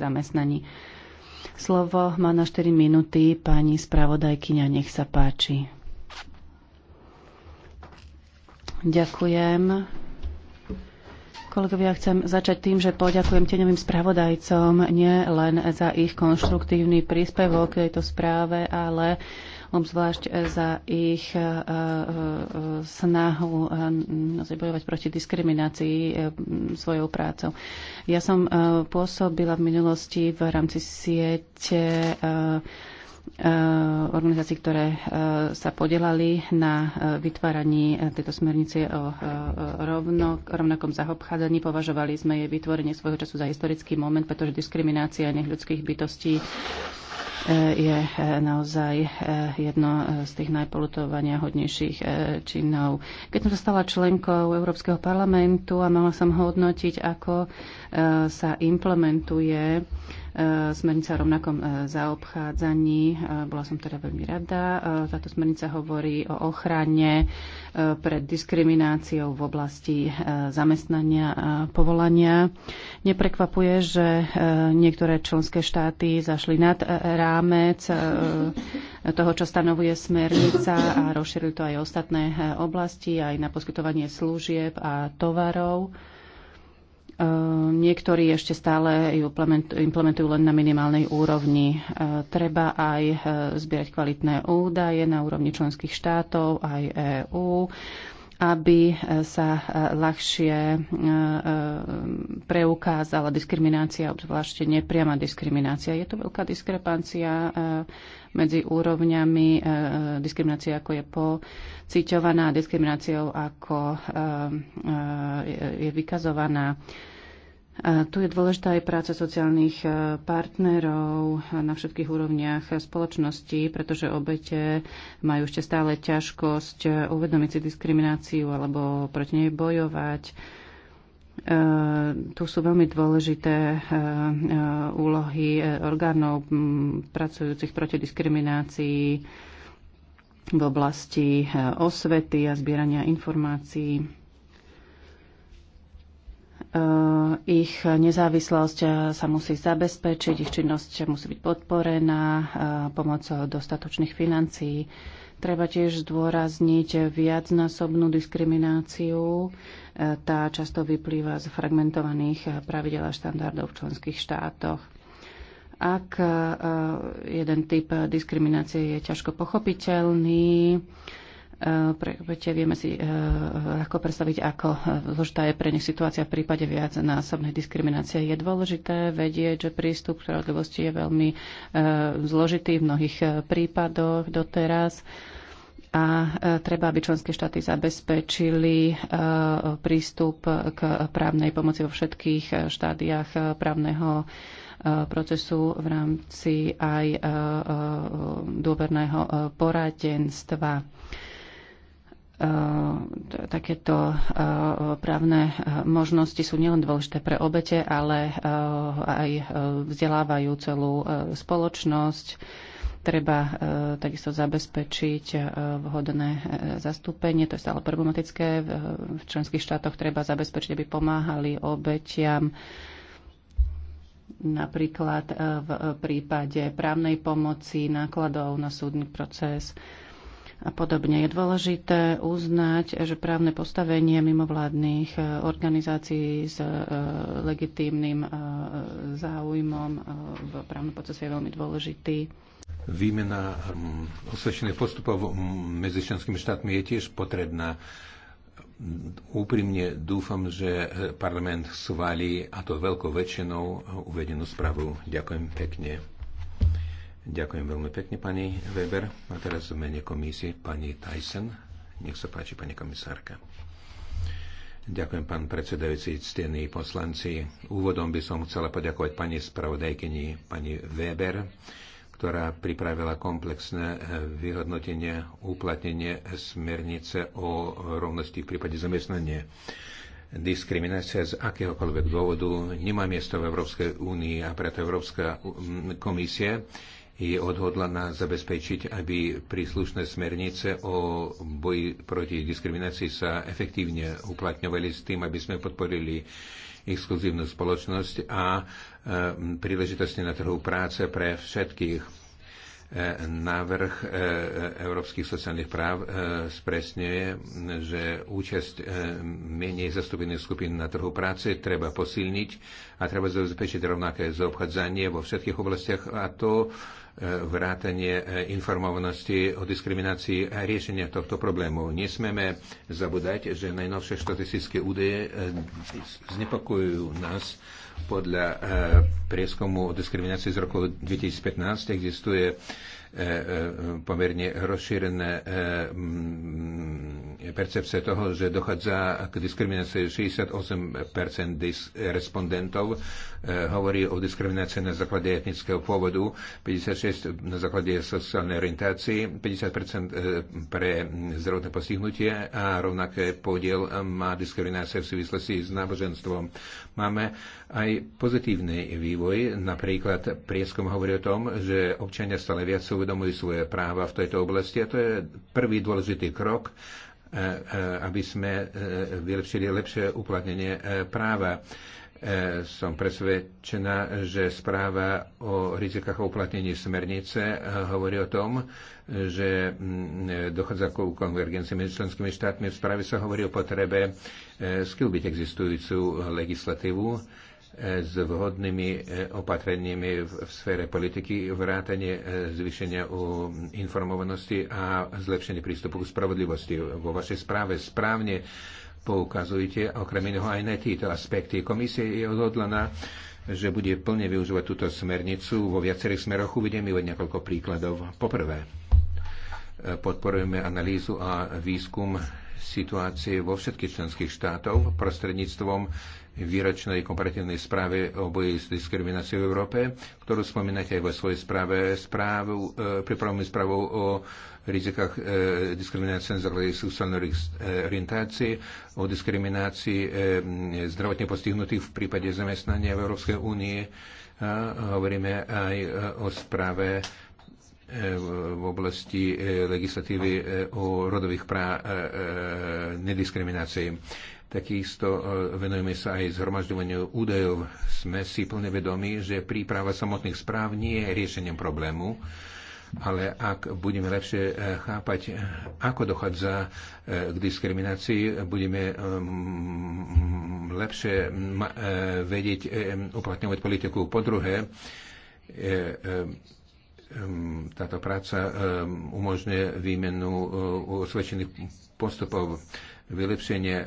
zamestnaní. Slovo má na 4 minúty pani spravodajkyňa, nech sa páči. Ďakujem. Kolegovia, chcem začať tým, že poďakujem teňovým spravodajcom nie len za ich konštruktívny príspevok k tejto správe, ale obzvlášť e, za ich e, e, snahu bojovať proti diskriminácii svojou prácou. Ja som pôsobila v minulosti v rámci siete organizácií, ktoré sa podelali na vytváraní tejto smernice o rovnok, rovnakom zaobchádzaní. Považovali sme jej vytvorenie svojho času za historický moment, pretože diskriminácia ľudských bytostí je eh, naozaj eh, jedno eh, z tých najpolutovania hodnejších činov. Keď som sa stala členkou Európskeho parlamentu a mala som hodnotiť, ako sa implementuje E, smernica o rovnakom e, zaobchádzaní. E, bola som teda veľmi rada. Táto smernica hovorí o ochrane pred diskrimináciou v oblasti zamestnania a povolania. Neprekvapuje, že niektoré členské štáty zašli nad rámec toho, čo stanovuje smernica a rozšírili to aj ostatné oblasti, aj na poskytovanie služieb a tovarov Ehm, niektorí ešte stále ju implementujú len na minimálnej úrovni. Ehm, treba aj ehm, zbierať kvalitné údaje na úrovni členských štátov, aj EÚ aby sa ľahšie preukázala diskriminácia, obzvlášť nepriama diskriminácia. Je to veľká diskrepancia medzi úrovňami diskriminácie, ako je pociťovaná, diskrimináciou, ako je vykazovaná. Tu je dôležitá aj práca sociálnych e, partnerov na všetkých úrovniach spoločnosti, pretože obete majú ešte stále ťažkosť e, uvedomiť si diskrimináciu alebo proti nej bojovať. E, tu sú veľmi dôležité úlohy orgánov pracujúcich proti diskriminácii v oblasti osvety a zbierania informácií. Eh, ich nezávislosť eh, sa musí zabezpečiť, ich činnosť musí byť podporená eh, pomocou dostatočných financií. Treba tiež zdôrazniť viacnásobnú diskrimináciu. Tá často vyplýva z fragmentovaných pravidel a štandardov v členských štátoch. Ak jeden typ diskriminácie je ťažko pochopiteľný, pre obete vieme si eh, ako predstaviť, ako eh, zložitá je pre nich situácia v prípade viac násobnej diskriminácie. Je dôležité vedieť, že prístup k spravodlivosti je veľmi eh, zložitý v mnohých prípadoch doteraz a treba, aby členské štáty zabezpečili prístup k právnej pomoci vo všetkých štádiách právneho procesu v rámci aj dôverného poradenstva. Eh, takéto eh, právne eh, možnosti sú nielen dôležité pre obete, ale aj vzdelávajú celú spoločnosť. Treba takisto zabezpečiť vhodné zastúpenie, to je stále problematické. V členských štátoch treba zabezpečiť, aby pomáhali obetiam napríklad v prípade právnej pomoci, nákladov na súdny proces a podobne. Je dôležité uznať, že právne postavenie mimovládnych eh, organizácií s eh, legitímnym eh, záujmom v právnom procese je veľmi dôležitý. Výmena hm, osvedčených postupov hm, medzi členskými štátmi je tiež potrebná. Úprimne dúfam, že parlament schválí a to veľkou väčšinou uvedenú správu. Ďakujem pekne. Ďakujem veľmi pekne, pani Weber. A teraz v mene komisie pani Tyson. Nech sa páči, pani komisárka. Ďakujem, pán predsedajúci, ctení poslanci. Úvodom by som chcela poďakovať pani spravodajkyni, pani Weber, ktorá pripravila komplexné eh, vyhodnotenie uplatnenie smernice o rovnosti v prípade zamestnania diskriminácia z akéhokoľvek dôvodu nemá miesto v Európskej únii a preto Európska mm, komisia je odhodlaná zabezpečiť, aby príslušné smernice o boji proti diskriminácii sa efektívne uplatňovali s tým, aby sme podporili exkluzívnu spoločnosť a e, príležitosti na trhu práce pre všetkých. E, návrh e, európskych sociálnych práv spresňuje, že účasť menej zastúpených skupín na trhu práce treba posilniť a treba zabezpečiť rovnaké zaobchádzanie vo všetkých oblastiach a to vrátanie e, informovanosti o diskriminácii a riešenia tohto problému. Nesmeme zabúdať, že najnovšie štatistické údaje e, znepokojujú nás. Podľa e, prieskomu o diskriminácii z roku 2015 existuje E, e, pomerne rozšírené e, mm, percepcie toho, že dochádza k diskriminácii 68% respondentov hovorí o diskriminácii na základe etnického pôvodu, 56% na základe sociálnej orientácii, 50% pre zdravotné postihnutie a rovnaké podiel má diskriminácia v súvislosti s náboženstvom. Máme aj pozitívny vývoj, napríklad prieskom hovorí o tom, že občania stále viac sú uvedomujú svoje práva v tejto oblasti a to je prvý dôležitý krok, e, e, aby sme e, vylepšili lepšie uplatnenie práva. Som presvedčená, že správa o rizikách uplatnení smernice hovorí o tom, že dochádza k konvergencii medzi členskými štátmi. V správe sa hovorí o potrebe skilbiť existujúcu legislatívu s vhodnými e, opatreniami v sfére politiky, vrátanie e, zvýšenia o informovanosti a zlepšenie prístupu k spravodlivosti. Vo vašej správe správne poukazujete okrem iného aj na tieto aspekty. Komisia je odhodlaná že bude plne využívať túto smernicu. Vo viacerých smeroch Uvidíme od niekoľko príkladov. Poprvé, e, podporujeme analýzu a výskum situácie vo všetkých členských štátov prostredníctvom výročnej komparatívnej správe o boji s diskrimináciou v Európe, ktorú spomínate aj vo svojej správe, správu, e, pripravujeme správu o rizikách e, diskriminácie na základe sexuálnej orientácie, o diskriminácii e, zdravotne postihnutých v prípade zamestnania v Európskej únie. A hovoríme aj e, o správe e, v oblasti e, legislatívy o rodových práv nediskriminácii. Takisto e, venujeme sa aj zhromažďovaniu údajov. Sme si plne vedomi, že príprava samotných správ nie je riešením problému, ale ak budeme lepšie e, chápať, e, ako dochádza k diskriminácii, budeme lepšie vedieť uplatňovať politiku. Po druhé, táto práca umožňuje výmenu osvedčených postupov vylepšenie e,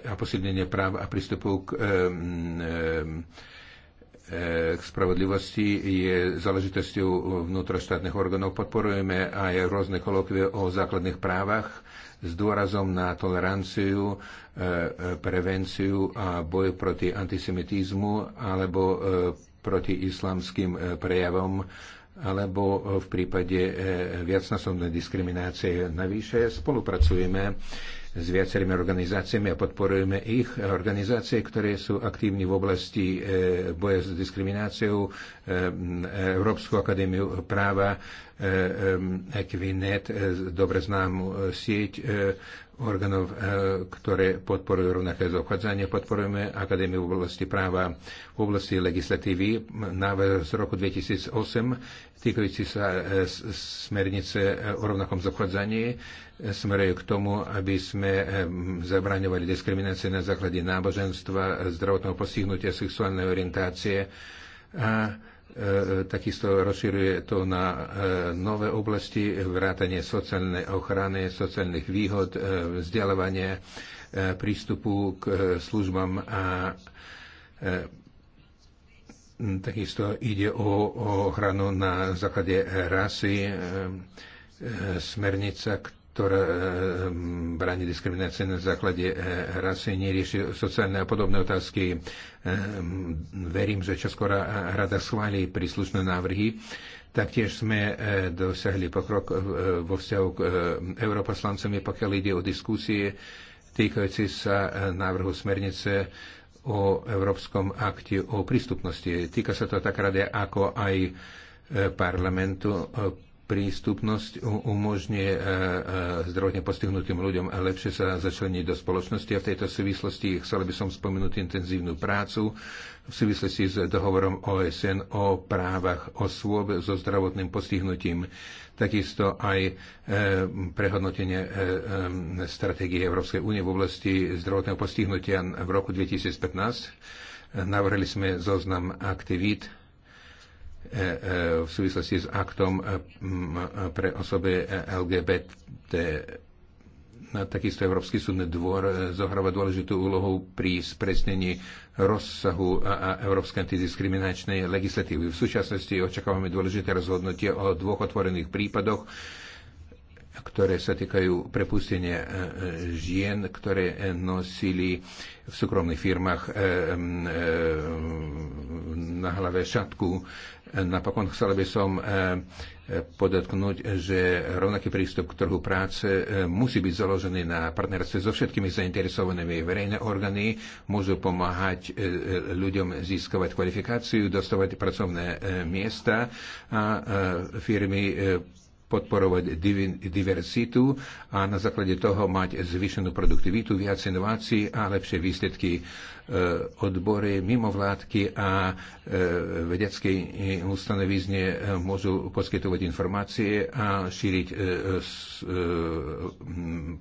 e, a posilnenie práv a prístupu k, e, k spravodlivosti je záležitosťou vnútroštátnych orgánov. Podporujeme aj rôzne kolokvie o základných právach s dôrazom na toleranciu, prevenciu a boj proti antisemitizmu alebo proti islamským prejavom alebo v prípade e, viacnásobnej diskriminácie. Navyše spolupracujeme s viacerými organizáciami a podporujeme ich. Organizácie, ktoré sú aktívni v oblasti e, boja s diskrimináciou, e, Európsku akadémiu práva, Equinet, dobre známu sieť orgánov, eh, ktoré podporujú rovnaké zaobchádzanie. Podporujeme Akadémiu v oblasti práva, v oblasti legislatívy, návrh z roku 2008, týkajúci sa eh, smernice eh, o rovnakom zaobchádzaní, smeruje k tomu, aby sme zabraňovali diskriminácie na základe náboženstva, zdravotného postihnutia, sexuálnej orientácie a E, takisto rozširuje to na e, nové oblasti, vrátanie sociálnej ochrany, sociálnych výhod, e, vzdelávanie, prístupu k službám a takisto ide o, ochranu na základe rasy, smernica, ktorá eh, bráni diskriminácie na základe eh, rasy, nerieši sociálne a podobné otázky. Eh, verím, že čoskoro rada schváli príslušné návrhy. Taktiež sme dosiahli pokrok vo vzťahu k europoslancami, pokiaľ ide o diskusie týkajúci sa návrhu smernice o Európskom akte o prístupnosti. Týka sa to tak rade ako aj parlamentu prístupnosť umožňuje e, e, zdravotne postihnutým ľuďom lepšie sa začleniť do spoločnosti a v tejto súvislosti chcel by som spomenúť intenzívnu prácu v súvislosti s dohovorom OSN o právach osôb so zdravotným postihnutím, takisto aj e, prehodnotenie stratégie Európskej únie v oblasti zdravotného postihnutia v roku 2015. Navrhli sme zoznam aktivít v súvislosti s aktom eh, eh, pre osoby eh, LGBT. Takisto Európsky súdny dvor zohráva dôležitú úlohu pri spresnení rozsahu a európskej antidiskriminačnej legislatívy. V súčasnosti očakávame dôležité rozhodnutie o dvoch otvorených prípadoch ktoré sa týkajú prepustenia e, e, žien, ktoré e, nosili v súkromných firmách na hlave šatku. Napokon chcel by som podotknúť, že rovnaký prístup k trhu práce musí byť založený na partnerstve so všetkými zainteresovanými. Verejné orgány môžu pomáhať ľuďom získavať kvalifikáciu, dostávať pracovné miesta a firmy podporovať diverzitu a na základe toho mať zvýšenú produktivitu, viac inovácií a lepšie výsledky e, odbory, mimovládky a e, vedecké ustanovizne e, môžu poskytovať informácie a šíriť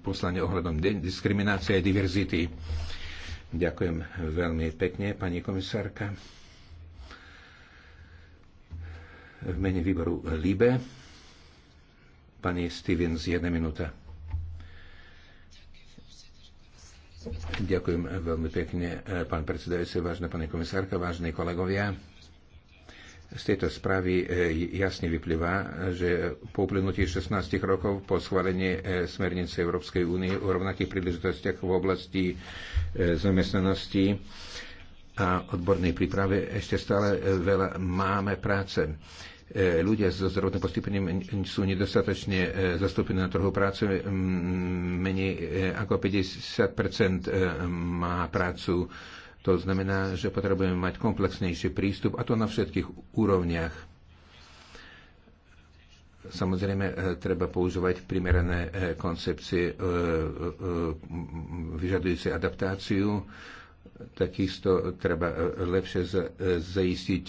poslanie ohľadom diskriminácie a diverzity. Ďakujem veľmi pekne, pani komisárka. V mene výboru LIBE Pani Stevens, jedna minúta. Ďakujem veľmi pekne, pán predsedajúci, vážna pani komisárka, vážni kolegovia. Z tejto správy eh, jasne vyplýva, že po uplynutí 16 rokov po schválení eh, smernice Európskej únie o rovnakých príležitostiach v oblasti eh, zamestnanosti a odbornej príprave ešte stále veľa máme práce. E, ľudia so zdravotným postupením sú nedostatočne e, zastúpení na trhu práce. Menej e, ako 50 má prácu. To znamená, že potrebujeme mať komplexnejší prístup a to na všetkých úrovniach. Samozrejme, treba používať primerané koncepcie vyžadujúce adaptáciu takisto treba lepšie zaistiť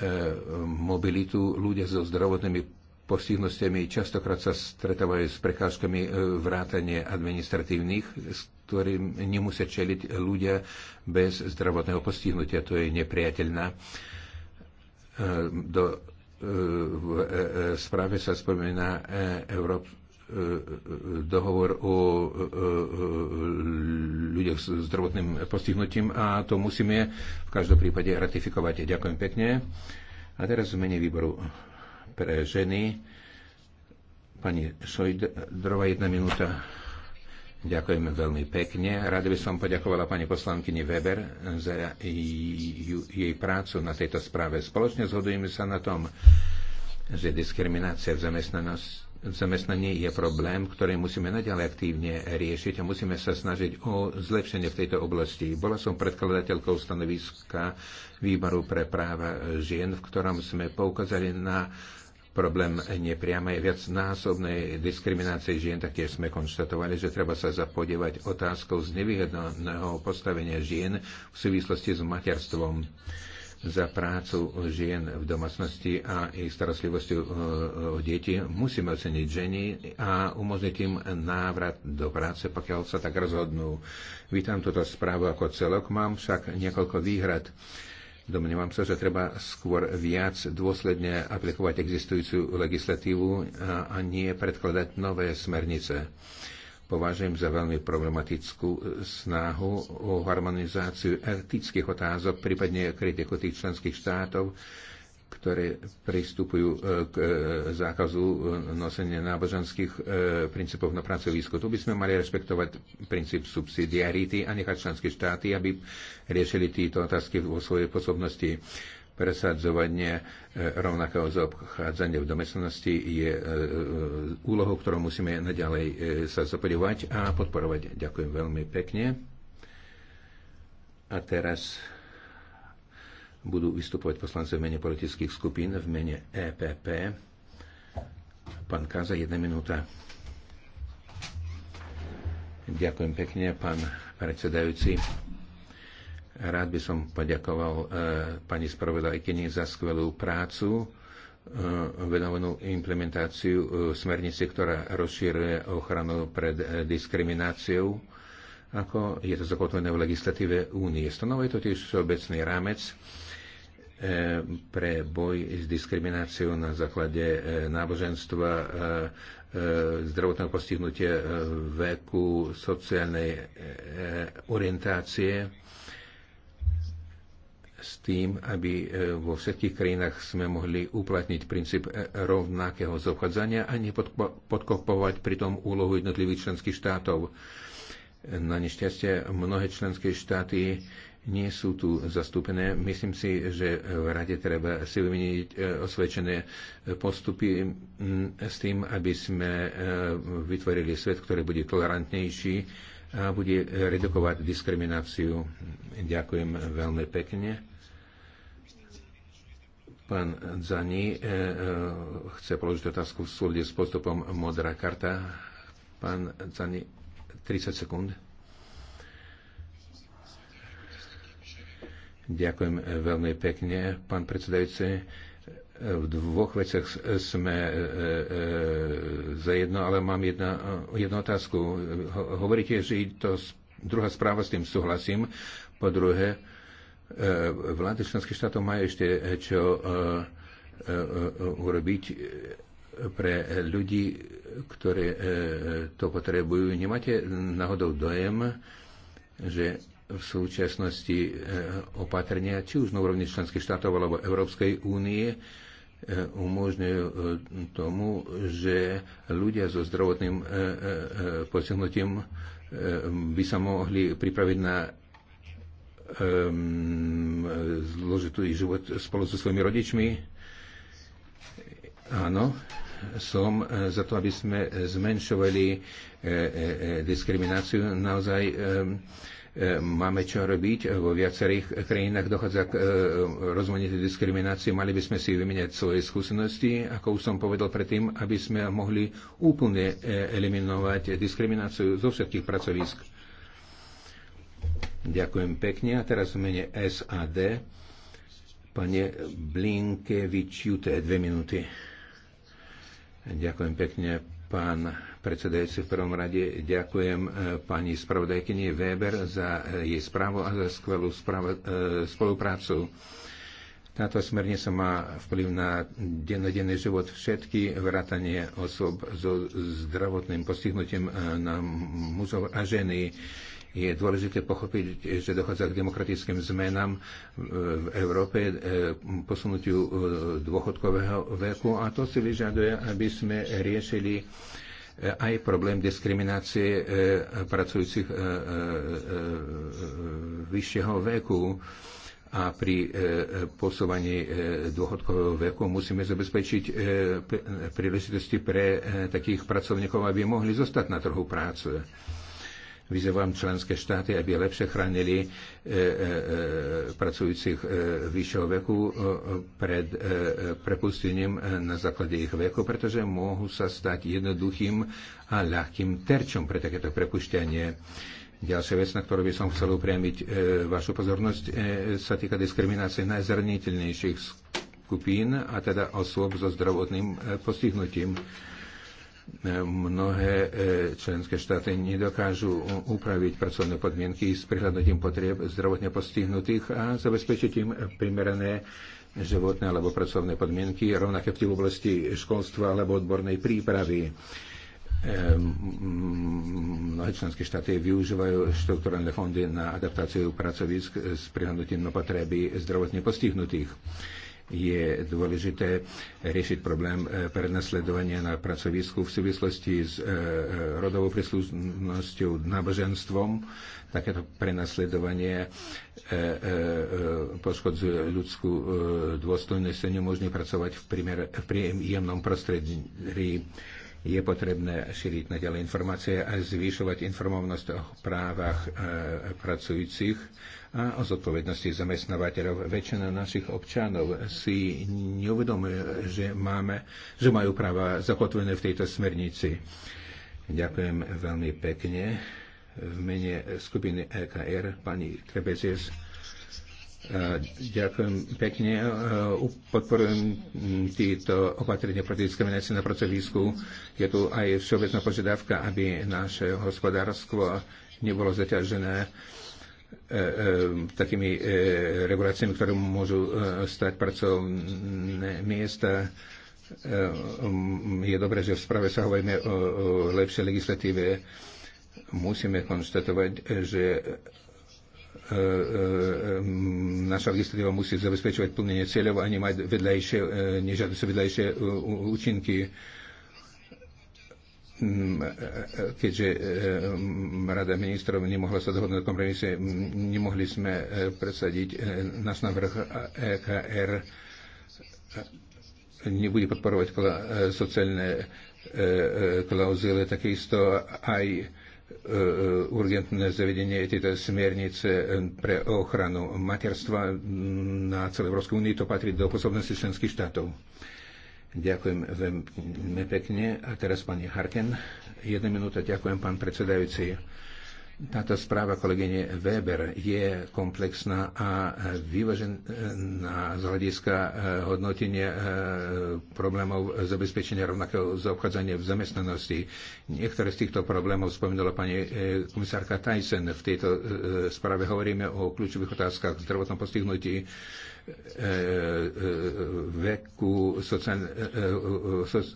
E, mobilitu. Ľudia so zdravotnými postihnostiami častokrát sa stretávajú s prekážkami e, vrátane administratívnych, s ktorým nemusia čeliť ľudia bez zdravotného postihnutia. To je nepriateľná. E, do, v správe sa spomína Európa dohovor o ľuďoch s zdravotným postihnutím a to musíme v každom prípade ratifikovať. Ďakujem pekne. A teraz v mene výboru pre ženy pani Sojdrova, jedna minúta. Ďakujem veľmi pekne. Rád by som poďakovala pani poslankyni Weber za jej prácu na tejto správe. Spoločne zhodujeme sa na tom, že diskriminácia v zamestnanosti v zamestnaní je problém, ktorý musíme naďalej aktívne riešiť a musíme sa snažiť o zlepšenie v tejto oblasti. Bola som predkladateľkou stanoviska Výboru pre práva žien, v ktorom sme poukázali na problém nepriamej viacnásobnej diskriminácie žien. Taktiež sme konštatovali, že treba sa zapodievať otázkou z nevyhodného postavenia žien v súvislosti s materstvom za prácu žien v domácnosti a ich starostlivosti eh, o deti. Musíme oceniť ženy a umožniť im návrat do práce, pokiaľ sa tak rozhodnú. Vítam túto správu ako celok, mám však niekoľko výhrad. Domnievam sa, že treba skôr viac dôsledne aplikovať existujúcu legislatívu a nie predkladať nové smernice považujem za veľmi problematickú e, snahu o harmonizáciu etických otázok, prípadne kritiku tých členských štátov, ktoré pristupujú e, k e, zákazu nosenia náboženských princípov na pracovisku. Tu by sme mali rešpektovať princíp subsidiarity a nechať členské štáty, aby riešili tieto otázky vo svojej posobnosti presadzovanie e, rovnakého zaobchádzania v domácnosti je e, e, úlohou, ktorou musíme naďalej sa zapodívať a podporovať. Ďakujem veľmi pekne. A teraz budú vystupovať poslanci v mene politických skupín, v mene EPP. Pán Kaza, jedna minúta. Ďakujem pekne, pán predsedajúci. Rád by som poďakoval e, pani spravodajkyni za skvelú prácu e, venovanú implementáciu e, smernice, ktorá rozšíruje ochranu pred diskrimináciou, ako je to zakotvené v legislatíve únie. Stanovuje totiž obecný rámec pre boj s diskrimináciou na základe náboženstva, zdravotného postihnutia veku, sociálnej orientácie s tým, aby e, vo všetkých krajinách sme mohli uplatniť princíp e, rovnakého zobchádzania a nepodkopovať pritom úlohu jednotlivých členských štátov. Na nešťastie mnohé členské štáty nie sú tu zastúpené. Myslím si, že v rade treba si vymeniť e, osvedčené postupy s tým, aby sme vytvorili svet, ktorý bude tolerantnejší a bude redukovať diskrimináciu. Ďakujem veľmi pekne. Pán Zani e, e, chce položiť otázku v súde s postupom modrá karta. Pán Zani, 30 sekúnd. Ďakujem e, veľmi pekne, pán predsedajúci. V dvoch veciach sme e, e, za jedno, ale mám jedna, jednu otázku. Ho, Hovoríte, že to druhá správa, s tým súhlasím. Po druhé, e, E, vlády členských štátov majú ešte e, čo e, urobiť pre ľudí, ktorí to potrebujú. Nemáte náhodou dojem, že v súčasnosti opatrenia, či už na úrovni členských štátov alebo Európskej únie, umožňujú tomu, že ľudia so zdravotným postihnutím by sa mohli pripraviť na Ehm, zložitý život spolu so svojimi rodičmi. Áno, som eh, za to, aby sme eh, zmenšovali eh, diskrimináciu. Naozaj ehm, máme čo robiť. Vo viacerých krajinách dochádza k rozmanitej diskriminácii. Mali by sme si vymeniať svoje skúsenosti, ako už som povedal predtým, aby sme mohli úplne eliminovať diskrimináciu zo všetkých pracovisk. Ďakujem pekne. A teraz v mene SAD pane Blinkevič, Blinkevičiute, dve minúty. Ďakujem pekne, pán predsedajúci. V prvom rade ďakujem e, pani spravodajkyni Weber za e, jej správu a za skvelú e, spoluprácu. Táto smernica má vplyv na dennodenný život všetky, vrátanie osob so zdravotným postihnutím na mužov a ženy. Je dôležité pochopiť, že dochádza k demokratickým zmenám v Európe, e, posunutiu e, dôchodkového veku a to si vyžaduje, aby sme riešili e, aj problém diskriminácie pracujúcich vyššieho veku a pri posúvaní dôchodkového veku musíme zabezpečiť príležitosti pre takých pracovníkov, aby mohli zostať na trhu práce. Vyzývam členské štáty, aby lepšie chránili e, e, e, pracujúcich vyššieho veku pred prepustením na základe ich veku, pretože môžu sa stať jednoduchým a ľahkým terčom pre takéto prepušťanie. Ďalšia vec, na ktorú by som chcel upriamiť e, vašu pozornosť, e, sa týka diskriminácie najzraniteľnejších skupín, a teda osôb so zdravotným e, postihnutím. E, Mnohé e, členské štáty nedokážu upraviť pracovné podmienky s prihľadnutím potrieb zdravotne postihnutých a zabezpečiť im primerané životné alebo pracovné podmienky, rovnaké v oblasti školstva alebo odbornej prípravy e, mnohé členské štáty využívajú štruktúrne fondy na adaptáciu pracovisk s prihľadnutím na potreby zdravotne postihnutých je dôležité riešiť problém eh, prenasledovania na pracovisku v súvislosti s eh, eh, rodovou príslušnosťou, náboženstvom. Takéto prenasledovanie poškodzuje ľudskú dôstojnosť a nemôžne pracovať v, primer, v príjemnom prostredí je potrebné šíriť naďalej informácie a zvyšovať informovnosť o právach e, pracujúcich a o zodpovednosti zamestnávateľov. Väčšina našich občanov si neuvedomuje, že, máme, že majú práva zakotvené v tejto smernici. Ďakujem veľmi pekne. V mene skupiny EKR pani Trebezies. Ďakujem pekne. Podporujem tieto opatrenia proti diskriminácii na pracovisku. Je tu aj všeobecná požiadavka, aby naše hospodárstvo nebolo zaťažené E, e, takými e, reguláciami, ktoré môžu stať pracovné miesta. Je dobré, že v správe sa hovoríme o lepšej legislatíve. Musíme konštatovať, že naša legislatíva musí zabezpečovať plnenie cieľov a nemať vedľajšie, nežiaduce vedľajšie účinky Mm, e, e, keďže e, Rada ministrov nemohla sa dohodnúť na kompromise, nemohli sme presadiť nás návrh EKR nebude podporovať sociálne klauzule, takisto aj urgentné zavedenie tejto smernice pre ochranu materstva na celej Európskej únii. To patrí do posobnosti členských štátov. Ďakujem veľmi pekne. A teraz pani Harken. Jedna minúta. Ďakujem, pán predsedajúci. Táto správa kolegyne Weber je komplexná a vyvážená z hľadiska eh, hodnotenia eh, problémov zabezpečenia rovnakého zaobchádzania v zamestnanosti. Niektoré z týchto problémov spomínala pani eh, komisárka Tyson. V tejto správe hovoríme o kľúčových otázkach zdravotnom postihnutí E, e, e, veku, sociálne,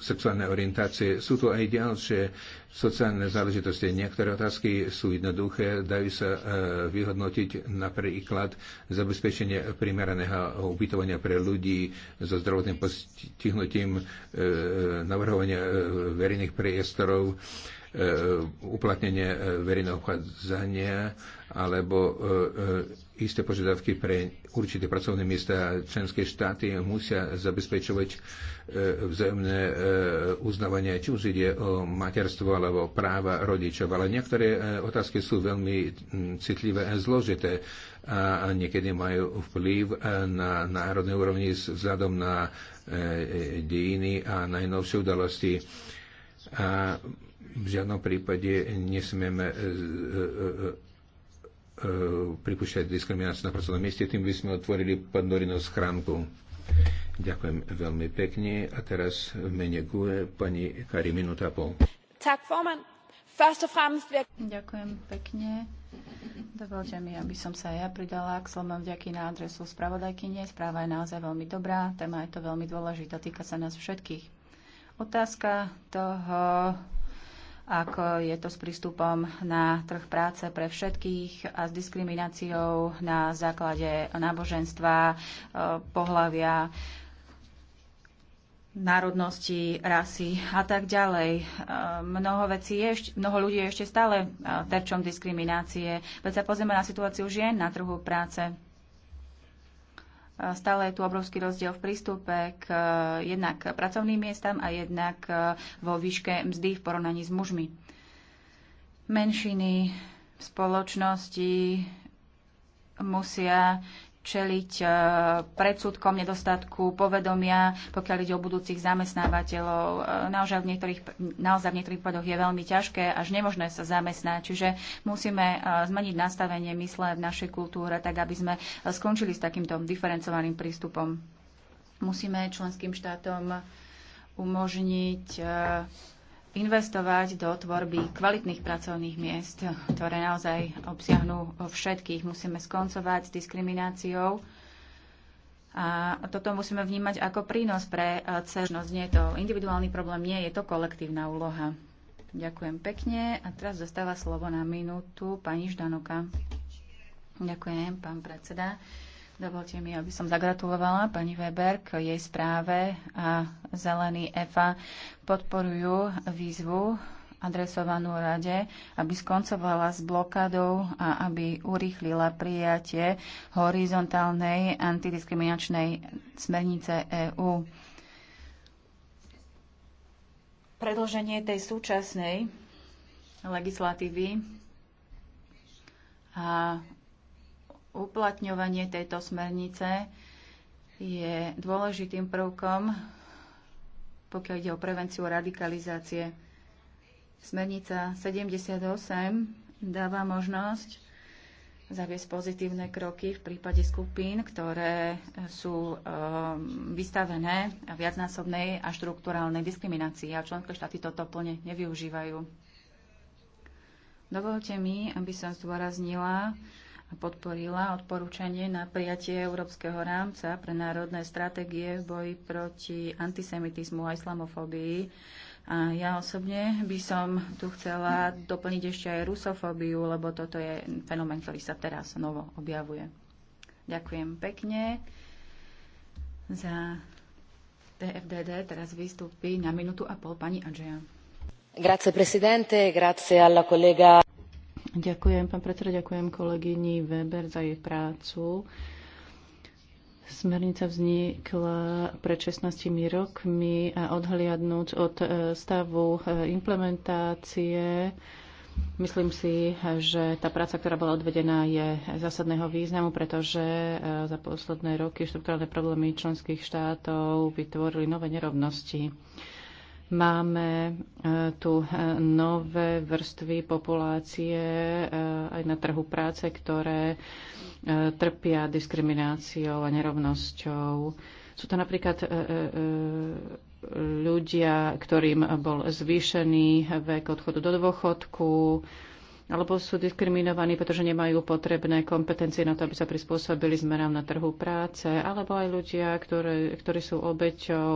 sexuálnej orientácie. Sú tu aj ďalšie sociálne záležitosti. Niektoré otázky sú jednoduché, dajú sa vyhodnotiť napríklad zabezpečenie primeraného ubytovania pre ľudí so zdravotným postihnutím, navrhovania verejných priestorov, E, uplatnenie e, verejného obchádzania alebo e, isté požiadavky pre určité pracovné miesta. Členské štáty musia zabezpečovať vzájomné uznávanie, či už ide o materstvo alebo práva rodičov. Ale niektoré otázky sú veľmi citlivé a zložité a niekedy majú vplyv na národnej úrovni vzhľadom na dejiny a najnovšie udalosti. A v žiadnom prípade nesmieme e, e, e, pripúšťať diskrimináciu na pracovnom mieste, tým by sme otvorili pandorinu schránku. Ďakujem veľmi pekne. A teraz v mene GUE pani Kari minúta pol. Tak, Ďakujem pekne. Dovolte mi, aby som sa ja pridala k slovom vďaky na adresu spravodajkyne. Správa je naozaj veľmi dobrá, téma je to veľmi dôležitá, týka sa nás všetkých. Otázka toho, ako je to s prístupom na trh práce pre všetkých a s diskrimináciou na základe náboženstva, e, pohlavia, národnosti, rasy a tak ďalej. E, mnoho, vecí je, mnoho ľudí je ešte stále e, terčom diskriminácie. Veď sa pozrieme na situáciu žien na trhu práce. Stále je tu obrovský rozdiel v prístupe k e, jednak pracovným miestam a jednak e, vo výške mzdy v porovnaní s mužmi. Menšiny v spoločnosti musia čeliť e, predsudkom nedostatku povedomia, pokiaľ ide o budúcich zamestnávateľov. E, naozaj v niektorých, naozaj v niektorých prípadoch je veľmi ťažké až nemožné sa zamestnať. Čiže musíme e, zmeniť nastavenie mysle v našej kultúre, tak aby sme skončili s takýmto diferencovaným prístupom. Musíme členským štátom umožniť investovať do tvorby kvalitných pracovných miest, ktoré naozaj obsiahnu všetkých. Musíme skoncovať s diskrimináciou a toto musíme vnímať ako prínos pre e, cežnosť. Nie je to individuálny problém, nie je to kolektívna úloha. Ďakujem pekne a teraz dostáva slovo na minútu pani Ždanoka. Ďakujem, pán predseda. Dovolte mi, aby som zagratulovala pani Weber k jej správe a Zelený EFA podporujú výzvu adresovanú rade, aby skoncovala s blokadou a aby urýchlila prijatie horizontálnej antidiskriminačnej smernice EÚ. Predloženie tej súčasnej legislatívy a uplatňovanie tejto smernice je dôležitým prvkom, pokiaľ ide o prevenciu radikalizácie. Smernica 78 dáva možnosť zaviesť pozitívne kroky v prípade skupín, ktoré sú ehm, vystavené viacnásobnej a štruktúrálnej diskriminácii a členské štáty toto plne nevyužívajú. Dovolte mi, aby som zdôraznila, podporila odporúčanie na prijatie Európskeho rámca pre národné stratégie v boji proti antisemitizmu a islamofóbii. A ja osobne by som tu chcela doplniť ešte aj rusofóbiu, lebo toto je fenomén, ktorý sa teraz novo objavuje. Ďakujem pekne za TFDD. Teraz vystúpi na minútu a pol pani Adžia. Grazie presidente, grazie alla collega. Ďakujem, pán predseda, ďakujem kolegyni Weber za jej prácu. Smernica vznikla pred 16 rokmi a odhliadnúť od e, stavu e, implementácie, myslím si, že tá práca, ktorá bola odvedená, je zásadného významu, pretože e, za posledné roky štruktúrálne problémy členských štátov vytvorili nové nerovnosti. Máme e, tu e, nové vrstvy populácie e, aj na trhu práce, ktoré trpia diskrimináciou a nerovnosťou. Sú to napríklad ľudia, ktorým bol zvýšený vek odchodu do dôchodku, alebo sú diskriminovaní, pretože nemajú potrebné kompetencie na to, aby sa prispôsobili zmenám na trhu práce, alebo aj ľudia, ktoré, ktorí sú obeťou